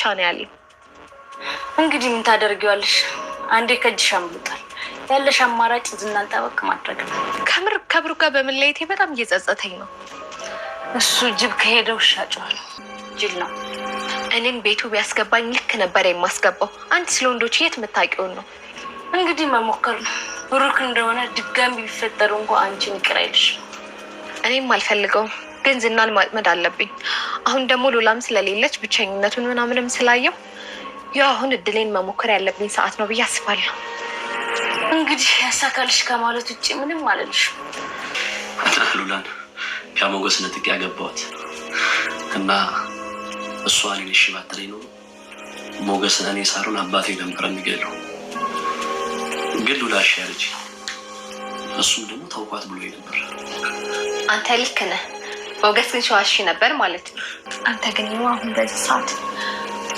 ብቻ ነው ያለኝ። እንግዲህ ምን ታደርጊዋለሽ? አንዴ ከእጅሽ አምልጧል። ያለሽ አማራጭ ዝናን ጠበቅ ማድረግ ነው። ከምር ከብሩ ጋር በመለየቴ በጣም እየጸጸተኝ ነው። እሱ ጅብ ከሄደው ሻጫዋል ጅል ነው። እኔን ቤቱ ቢያስገባኝ ልክ ነበር የማስገባው። አንድ ስለ ወንዶች የት የምታውቂውን ነው። እንግዲህ መሞከር ነው። ብሩክ እንደሆነ ድጋሚ ቢፈጠሩ እንኳ አንቺን ይቅር አይልሽ። እኔም አልፈልገውም፣ ግን ዝናን ማጥመድ አለብኝ። አሁን ደግሞ ሎላም ስለሌለች ብቸኝነቱን ምናምንም ስላየው ያው አሁን እድሌን መሞከር ያለብኝ ሰዓት ነው ብዬ አስባለሁ። እንግዲህ ያሳካልሽ ከማለት ውጭ ምንም አለልሽ። ሉላን ከሞገስ ነጥቅ ያገባዋት እና እሷ እኔን እሺ ባትለኝ ነው ሞገስ እኔ ሳሩን አባቴ ነበር የሚገለው። ግን ሉላ እሺ ያለች እሱም ደግሞ ታውቋት ብሎ ነበር። አንተ ልክ ነህ። ሞገስ ግን ሸዋሽ ነበር ማለት ነው። አንተ ግን አሁን በዚህ ሰዓት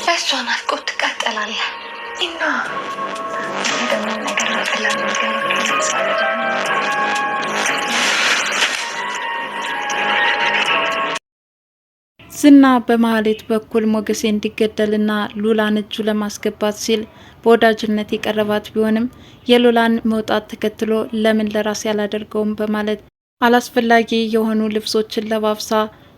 በእሷን ናፍቆት ትቃጠላለህ እና ደግሞ ነገር ዝና በማህሌት በኩል ሞገሴ እንዲገደልና ሉላን እጁ ለማስገባት ሲል በወዳጅነት የቀረባት ቢሆንም የሉላን መውጣት ተከትሎ ለምን ለራሴ ያላደርገውም በማለት አላስፈላጊ የሆኑ ልብሶችን ለባብሳ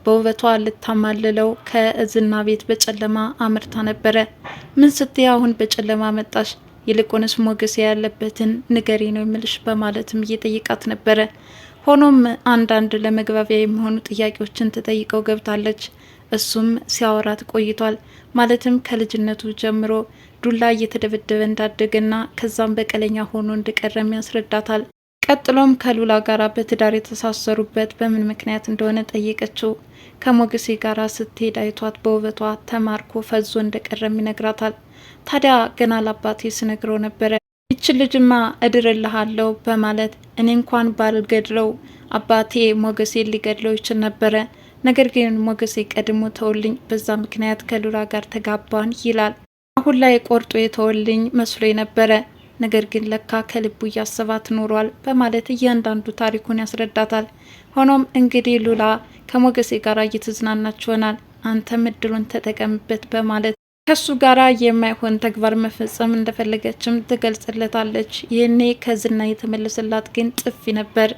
በውበቷ ልታማልለው ከእዝና ቤት በጨለማ አምርታ ነበረ። ምን ስትይ አሁን በጨለማ መጣሽ? ይልቁንስ ሞገስ ያለበትን ንገሪ ነው የምልሽ በማለትም እየጠይቃት ነበረ። ሆኖም አንዳንድ ለመግባቢያ የሚሆኑ ጥያቄዎችን ተጠይቀው ገብታለች። እሱም ሲያወራት ቆይቷል። ማለትም ከልጅነቱ ጀምሮ ዱላ እየተደበደበ እንዳደገና ከዛም በቀለኛ ሆኖ እንደቀረም ያስረዳታል። ቀጥሎም ከሉላ ጋር በትዳር የተሳሰሩበት በምን ምክንያት እንደሆነ ጠየቀችው። ከሞገሴ ጋር ስትሄድ አይቷት በውበቷ ተማርኮ ፈዞ እንደቀረም ይነግራታል። ታዲያ ገና ለአባቴ ስነግረው ነበረ ይች ልጅማ እድርልሃለሁ በማለት እኔ እንኳን ባልገድለው አባቴ ሞገሴ ሊገድለው ይችል ነበረ፣ ነገር ግን ሞገሴ ቀድሞ ተውልኝ፣ በዛ ምክንያት ከሉላ ጋር ተጋባን ይላል። አሁን ላይ ቆርጦ የተወልኝ መስሎ ነበረ ነገር ግን ለካ ከልቡ እያሰባት ኖሯል በማለት እያንዳንዱ ታሪኩን ያስረዳታል። ሆኖም እንግዲህ ሉላ ከሞገሴ ጋር እየተዝናናች ይሆናል። አንተም እድሉን ተጠቀምበት በማለት ከሱ ጋራ የማይሆን ተግባር መፈጸም እንደፈለገችም ትገልጽለታለች። ይህኔ ከዝና የተመለሰላት ግን ጥፊ ነበር።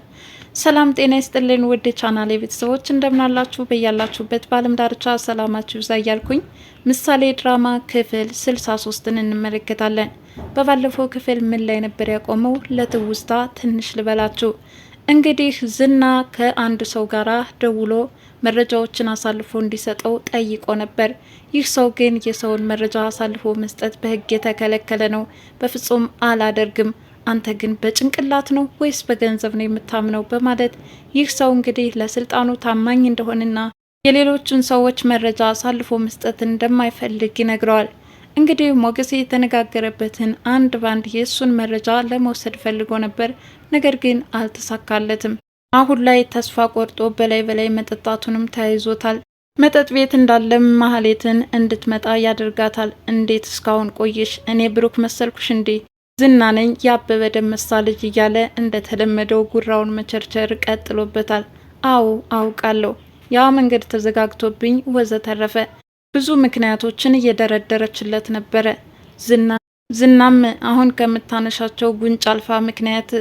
ሰላም ጤና ይስጥልን ውድ ቻናሌ ቤተሰቦች እንደምናላችሁ በያላችሁበት በአለም ዳርቻ ሰላማችሁ ይብዛ እያልኩኝ ምሳሌ ድራማ ክፍል 63ን እንመለከታለን። በባለፈው ክፍል ምን ላይ ነበር ያቆመው? ለትውስታ ትንሽ ልበላችሁ። እንግዲህ ዝና ከአንድ ሰው ጋር ደውሎ መረጃዎችን አሳልፎ እንዲሰጠው ጠይቆ ነበር። ይህ ሰው ግን የሰውን መረጃ አሳልፎ መስጠት በሕግ የተከለከለ ነው፣ በፍጹም አላደርግም አንተ ግን በጭንቅላት ነው ወይስ በገንዘብ ነው የምታምነው? በማለት ይህ ሰው እንግዲህ ለስልጣኑ ታማኝ እንደሆነና የሌሎችን ሰዎች መረጃ አሳልፎ መስጠት እንደማይፈልግ ይነግረዋል። እንግዲህ ሞገሴ የተነጋገረበትን አንድ ባንድ የእሱን መረጃ ለመውሰድ ፈልጎ ነበር፣ ነገር ግን አልተሳካለትም። አሁን ላይ ተስፋ ቆርጦ በላይ በላይ መጠጣቱንም ተያይዞታል። መጠጥ ቤት እንዳለም ማህሌትን እንድትመጣ ያደርጋታል። እንዴት እስካሁን ቆየሽ? እኔ ብሩክ መሰልኩሽ እንዴ? ዝናነኝ የአበበ ደመሳ ልጅ እያለ እንደተለመደው ጉራውን መቸርቸር ቀጥሎበታል። አዎ አውቃለሁ፣ ያ መንገድ ተዘጋግቶብኝ ወዘተረፈ ብዙ ምክንያቶችን እየደረደረችለት ነበረ። ዝናም አሁን ከምታነሻቸው ጉንጭ አልፋ ምክንያት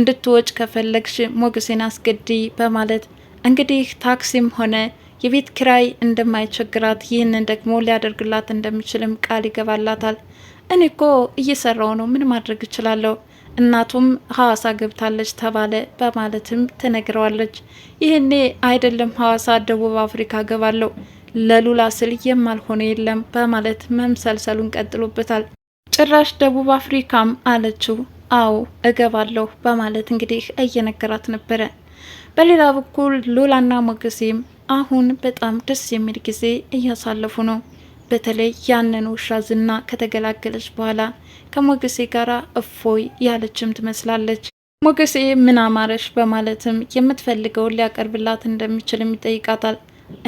እንድትወጭ ከፈለግሽ ሞገሴን አስገዲ በማለት እንግዲህ ታክሲም ሆነ የቤት ኪራይ እንደማይቸግራት ይህንን ደግሞ ሊያደርግላት እንደሚችልም ቃል ይገባላታል። እኔ እኮ እየሰራው ነው፣ ምን ማድረግ እችላለሁ? እናቱም ሐዋሳ ገብታለች ተባለ በማለትም ትነግረዋለች። ይህኔ አይደለም ሐዋሳ ደቡብ አፍሪካ ገባለሁ ለሉላ ስል የማልሆነ የለም በማለት መምሰልሰሉን ቀጥሎበታል። ጭራሽ ደቡብ አፍሪካም አለችው። አዎ እገባለሁ በማለት እንግዲህ እየነገራት ነበረ። በሌላ በኩል ሉላና ሞገሴም አሁን በጣም ደስ የሚል ጊዜ እያሳለፉ ነው። በተለይ ያንን ውሻ ዝና ከተገላገለች በኋላ ከሞገሴ ጋር እፎይ ያለችም ትመስላለች። ሞገሴ ምን አማረሽ በማለትም የምትፈልገውን ሊያቀርብላት እንደሚችልም ይጠይቃታል።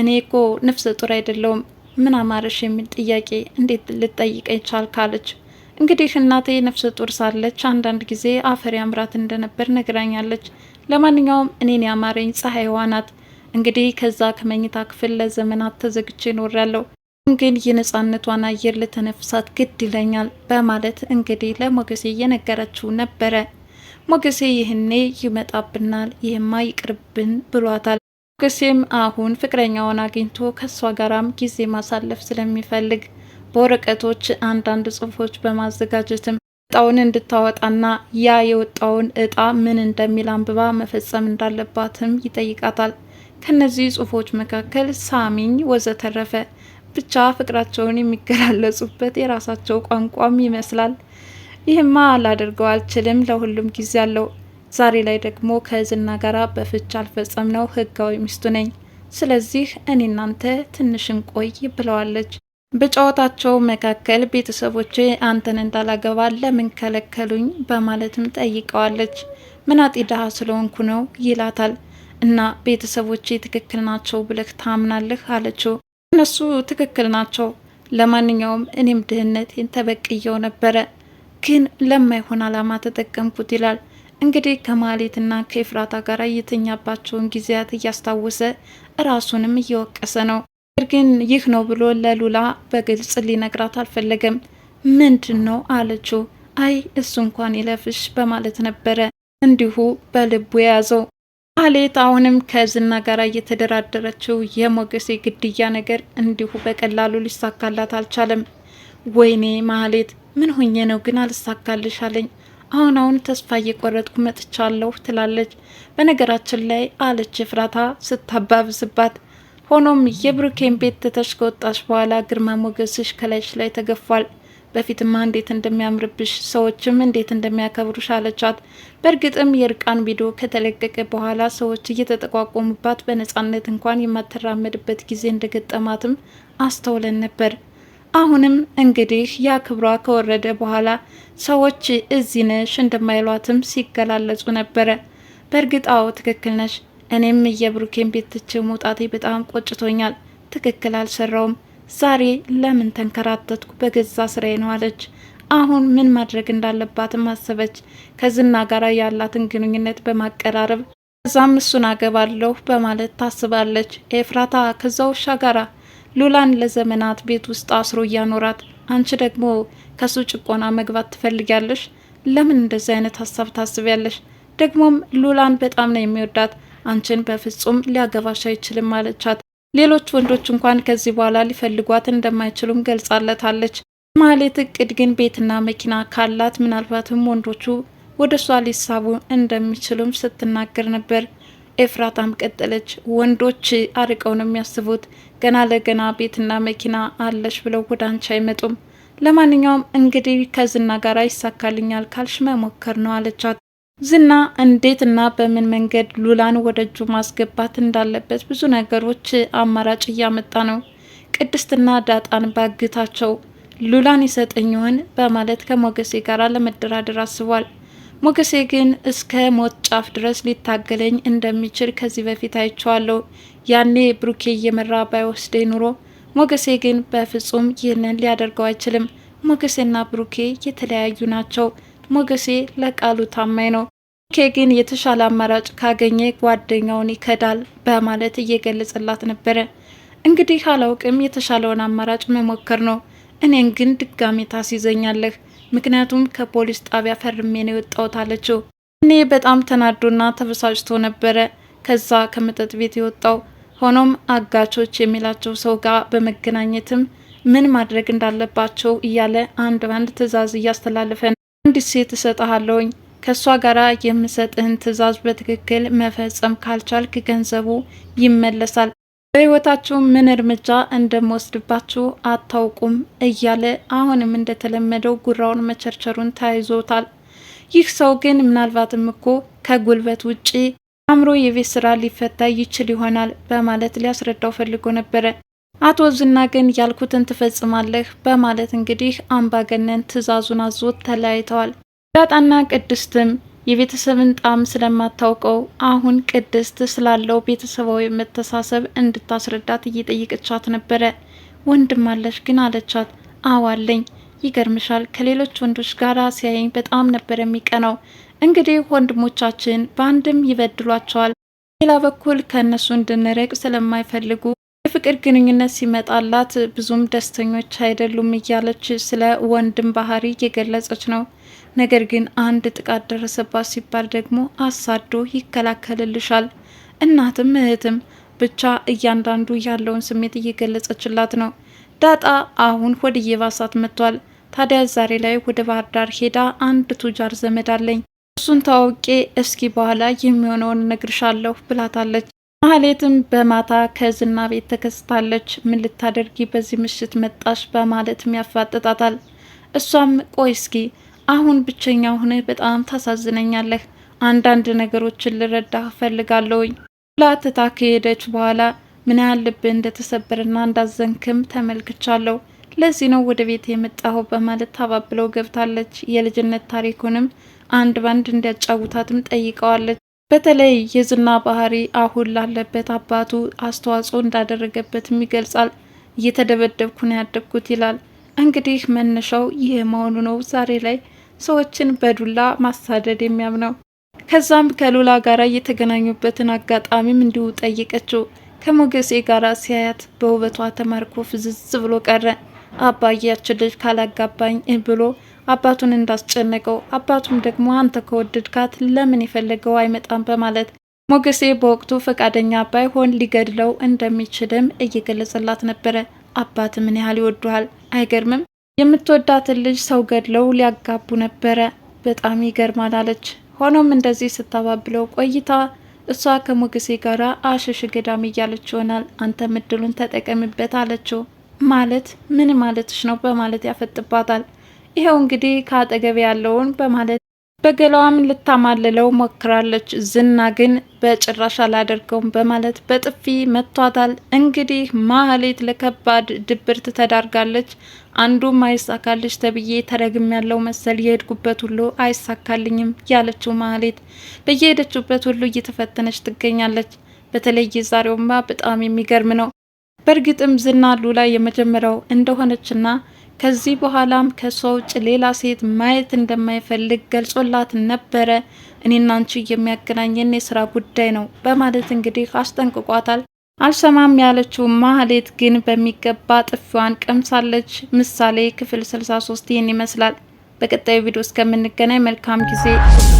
እኔ እኮ ነፍሰ ጡር አይደለውም ምን አማረሽ የሚል ጥያቄ እንዴት ልጠይቀኝ ቻል ካለች እንግዲህ እናቴ ነፍሰ ጡር ሳለች አንዳንድ ጊዜ አፈር ያምራት እንደነበር ነግራኛለች። ለማንኛውም እኔን ያማረኝ ፀሐይዋ ናት። እንግዲህ ከዛ ከመኝታ ክፍል ለዘመናት ተዘግቼ እኖራለሁ። ግን የነፃነቷን አየር ልተነፍሳት ግድ ይለኛል በማለት እንግዲህ ለሞገሴ እየነገረችው ነበረ። ሞገሴ ይህኔ ይመጣብናል፣ ይህማ ይቅርብን ብሏታል። ሞገሴም አሁን ፍቅረኛውን አግኝቶ ከእሷ ጋራም ጊዜ ማሳለፍ ስለሚፈልግ በወረቀቶች አንዳንድ ጽሁፎች በማዘጋጀትም እጣውን እንድታወጣና ያ የወጣውን እጣ ምን እንደሚል አንብባ መፈጸም እንዳለባትም ይጠይቃታል። ከነዚህ ጽሁፎች መካከል ሳሚኝ ወዘተረፈ ብቻ ፍቅራቸውን የሚገላለጹበት የራሳቸው ቋንቋም ይመስላል። ይህማ ላደርገው አልችልም፣ ለሁሉም ጊዜ አለው። ዛሬ ላይ ደግሞ ከዝና ጋራ በፍች አልፈጸም ነው ህጋዊ ሚስቱ ነኝ። ስለዚህ እኔ እናንተ ትንሽን ቆይ ብለዋለች። በጨዋታቸው መካከል ቤተሰቦች አንተን እንዳላገባ ለምን ከለከሉኝ በማለትም ጠይቀዋለች። ምናጢ ድሀ ስለሆንኩ ነው ይላታል። እና ቤተሰቦቼ ትክክል ናቸው ብለህ ታምናለህ አለችው። እነሱ ትክክል ናቸው። ለማንኛውም እኔም ድህነቴን ተበቅየው ነበረ፣ ግን ለማይሆን አላማ ተጠቀምኩት ይላል። እንግዲህ ከማሌትና ከኤፍራታ ጋር የተኛባቸውን ጊዜያት እያስታወሰ እራሱንም እየወቀሰ ነው። ነገር ግን ይህ ነው ብሎ ለሉላ በግልጽ ሊነግራት አልፈለገም። ምንድን ነው አለችው። አይ እሱ እንኳን ይለፍሽ በማለት ነበረ እንዲሁ በልቡ የያዘው። ማህሌት አሁንም ከዝና ጋር እየተደራደረችው የሞገሴ ግድያ ነገር እንዲሁ በቀላሉ ሊሳካላት አልቻለም። ወይኔ ማህሌት ምን ሆኜ ነው ግን አልሳካልሽ አለኝ። አሁን አሁን ተስፋ እየቆረጥኩ መጥቻለሁ ትላለች። በነገራችን ላይ አለች ፍራታ ስታባብስባት። ሆኖም የብሩኬን ቤት ትተሽ ከወጣሽ በኋላ ግርማ ሞገስሽ ከላይሽ ላይ ተገፏል። በፊትማ እንዴት እንደሚያምርብሽ ሰዎችም እንዴት እንደሚያከብሩሽ አለቻት። በእርግጥም የእርቃን ቪዲዮ ከተለቀቀ በኋላ ሰዎች እየተጠቋቆሙባት በነጻነት እንኳን የማትራመድበት ጊዜ እንደገጠማትም አስተውለን ነበር። አሁንም እንግዲህ ያ ክብሯ ከወረደ በኋላ ሰዎች እዚህ ነሽ እንደማይሏትም ሲገላለጹ ነበረ። በእርግጥ አዎ ትክክል ነሽ፣ እኔም የብሩኬን ቤት ትቼ መውጣቴ በጣም ቆጭቶኛል። ትክክል አልሰራውም ዛሬ ለምን ተንከራተትኩ በገዛ ስራዬ ነው አለች። አሁን ምን ማድረግ እንዳለባትም አሰበች። ከዝና ጋር ያላትን ግንኙነት በማቀራረብ ከዛም እሱን አገባለሁ በማለት ታስባለች። ኤፍራታ ከዛ ውሻ ጋራ ሉላን ለዘመናት ቤት ውስጥ አስሮ እያኖራት፣ አንቺ ደግሞ ከሱ ጭቆና መግባት ትፈልጊያለሽ? ለምን እንደዚህ አይነት ሀሳብ ታስቢያለሽ? ደግሞም ሉላን በጣም ነው የሚወዳት አንቺን በፍጹም ሊያገባሽ አይችልም አለቻት። ሌሎች ወንዶች እንኳን ከዚህ በኋላ ሊፈልጓት እንደማይችሉም ገልጻለታለች። ማህሌት እቅድ ግን ቤትና መኪና ካላት ምናልባትም ወንዶቹ ወደ እሷ ሊሳቡ እንደሚችሉም ስትናገር ነበር። ኤፍራታም ቀጠለች። ወንዶች አርቀው ነው የሚያስቡት። ገና ለገና ቤትና መኪና አለሽ ብለው ወደ አንቺ አይመጡም። ለማንኛውም እንግዲህ ከዝና ጋር ይሳካልኛል ካልሽ መሞከር ነው አለቻት። ዝና እንዴት እና በምን መንገድ ሉላን ወደ እጁ ማስገባት እንዳለበት ብዙ ነገሮች አማራጭ እያመጣ ነው። ቅድስትና ዳጣን ባግታቸው ሉላን ይሰጠኝ ይሆን በማለት ከሞገሴ ጋር ለመደራደር አስቧል። ሞገሴ ግን እስከ ሞት ጫፍ ድረስ ሊታገለኝ እንደሚችል ከዚህ በፊት አይቼዋለሁ። ያኔ ብሩኬ እየመራ ባይወስደኝ ኑሮ ሞገሴ ግን በፍጹም ይህንን ሊያደርገው አይችልም። ሞገሴና ብሩኬ የተለያዩ ናቸው። ሞገሴ ለቃሉ ታማኝ ነው። ኬ ግን የተሻለ አማራጭ ካገኘ ጓደኛውን ይከዳል በማለት እየገለጸላት ነበረ። እንግዲህ አላውቅም፣ የተሻለውን አማራጭ መሞከር ነው። እኔን ግን ድጋሚ ታስይዘኛለህ፣ ምክንያቱም ከፖሊስ ጣቢያ ፈርሜ ነው የወጣሁት አለችው። እኔ በጣም ተናዶና ተበሳጭቶ ነበረ ከዛ ከመጠጥ ቤት የወጣው ሆኖም አጋቾች የሚላቸው ሰው ጋር በመገናኘትም ምን ማድረግ እንዳለባቸው እያለ አንድ አንድ ትዕዛዝ እያስተላለፈ ነው። አንድ ሴት እሰጥሃለሁኝ ከእሷ ጋር የምሰጥህን ትዕዛዝ በትክክል መፈጸም ካልቻልክ ገንዘቡ ይመለሳል፣ በህይወታችሁ ምን እርምጃ እንደምወስድባችሁ አታውቁም እያለ አሁንም እንደተለመደው ጉራውን መቸርቸሩን ተያይዞታል። ይህ ሰው ግን ምናልባትም እኮ ከጉልበት ውጪ አእምሮ የቤት ስራ ሊፈታ ይችል ይሆናል በማለት ሊያስረዳው ፈልጎ ነበረ። አቶ ዝና ግን ያልኩትን ትፈጽማለህ በማለት እንግዲህ አምባገነን ትዕዛዙን አዞት ተለያይተዋል። ዳጣና ቅድስትም የቤተሰብን ጣም ስለማታውቀው አሁን ቅድስት ስላለው ቤተሰባዊ መተሳሰብ እንድታስረዳት እየጠየቀቻት ነበረ። ወንድም አለሽ ግን አለቻት። አዋለኝ ይገርምሻል፣ ከሌሎች ወንዶች ጋር ሲያየኝ በጣም ነበር የሚቀነው። እንግዲህ ወንድሞቻችን በአንድም ይበድሏቸዋል፣ ሌላ በኩል ከእነሱ እንድንርቅ ስለማይፈልጉ የፍቅር ግንኙነት ሲመጣላት ብዙም ደስተኞች አይደሉም እያለች ስለ ወንድም ባህሪ እየገለጸች ነው። ነገር ግን አንድ ጥቃት ደረሰባት ሲባል ደግሞ አሳዶ ይከላከልልሻል። እናትም እህትም ብቻ እያንዳንዱ ያለውን ስሜት እየገለጸችላት ነው። ዳጣ አሁን ወደ የባሳት መጥቷል። ታዲያ ዛሬ ላይ ወደ ባህር ዳር ሄዳ አንድ ቱጃር ዘመድ አለኝ እሱን ታውቄ እስኪ በኋላ የሚሆነውን እነግርሻለሁ ብላታለች። ማህሌትም በማታ ከዝና ቤት ተከስታለች። ምን ልታደርጊ በዚህ ምሽት መጣሽ? በማለትም ያፋጥጣታል። እሷም ቆይ እስኪ አሁን ብቸኛ ሆነ በጣም ታሳዝነኛለህ፣ አንዳንድ ነገሮችን ልረዳ ፈልጋለሁኝ ላትታ ከሄደች በኋላ ምን ያህል ልብ እንደተሰበርና እንዳዘንክም ተመልክቻለሁ። ለዚህ ነው ወደ ቤት የመጣሁ በማለት ታባብለው ገብታለች። የልጅነት ታሪኩንም አንድ ባንድ እንዲያጫውታትም ጠይቀዋለች። በተለይ የዝና ባህሪ አሁን ላለበት አባቱ አስተዋጽኦ እንዳደረገበትም ይገልጻል። እየተደበደብኩ ነው ያደግኩት ይላል። እንግዲህ መነሻው ይህ መሆኑ ነው ዛሬ ላይ ሰዎችን በዱላ ማሳደድ የሚያምነው። ከዛም ከሉላ ጋር የተገናኙበትን አጋጣሚም እንዲሁ ጠይቀችው። ከሞገሴ ጋር ሲያያት በውበቷ ተማርኮ ፍዝዝ ብሎ ቀረ። አባያችን ልጅ ካላጋባኝ ብሎ አባቱን እንዳስጨነቀው፣ አባቱም ደግሞ አንተ ከወደድካት ለምን የፈለገው አይመጣም በማለት ሞገሴ በወቅቱ ፈቃደኛ ባይሆን ሊገድለው እንደሚችልም እየገለጸላት ነበረ። አባት ምን ያህል ይወዱሃል? አይገርምም? የምትወዳትን ልጅ ሰው ገድለው ሊያጋቡ ነበረ። በጣም ይገርማል አለች። ሆኖም እንደዚህ ስታባብለው ቆይታ እሷ ከሞገሴ ጋር አሸሽ ገዳም እያለች ይሆናል። አንተ ምድሉን ተጠቀምበት አለችው። ማለት ምን ማለትሽ ነው በማለት ያፈጥባታል። ይኸው እንግዲህ ከአጠገብ ያለውን በማለት በገላዋም ልታማልለው ሞክራለች። ዝና ግን በጭራሽ አላደርገውም በማለት በጥፊ መቷታል። እንግዲህ ማህሌት ለከባድ ድብርት ተዳርጋለች። አንዱም አይሳካልሽ ተብዬ ተረግም ያለው መሰል የሄድኩበት ሁሉ አይሳካልኝም ያለችው ማህሌት በየሄደችበት ሁሉ እየተፈተነች ትገኛለች። በተለይ ዛሬውማ በጣም የሚገርም ነው። በእርግጥም ዝና ሉላ የመጀመሪያው እንደሆነችና ከዚህ በኋላም ከሷ ውጭ ሌላ ሴት ማየት እንደማይፈልግ ገልጾላት ነበረ። እኔና አንቺ የሚያገናኘን የስራ ጉዳይ ነው በማለት እንግዲህ አስጠንቅቋታል። አልሰማም ያለችው ማህሌት ግን በሚገባ ጥፊዋን ቀምሳለች። ምሳሌ ክፍል 63 ይህን ይመስላል። በቀጣዩ ቪዲዮ እስከምንገናኝ መልካም ጊዜ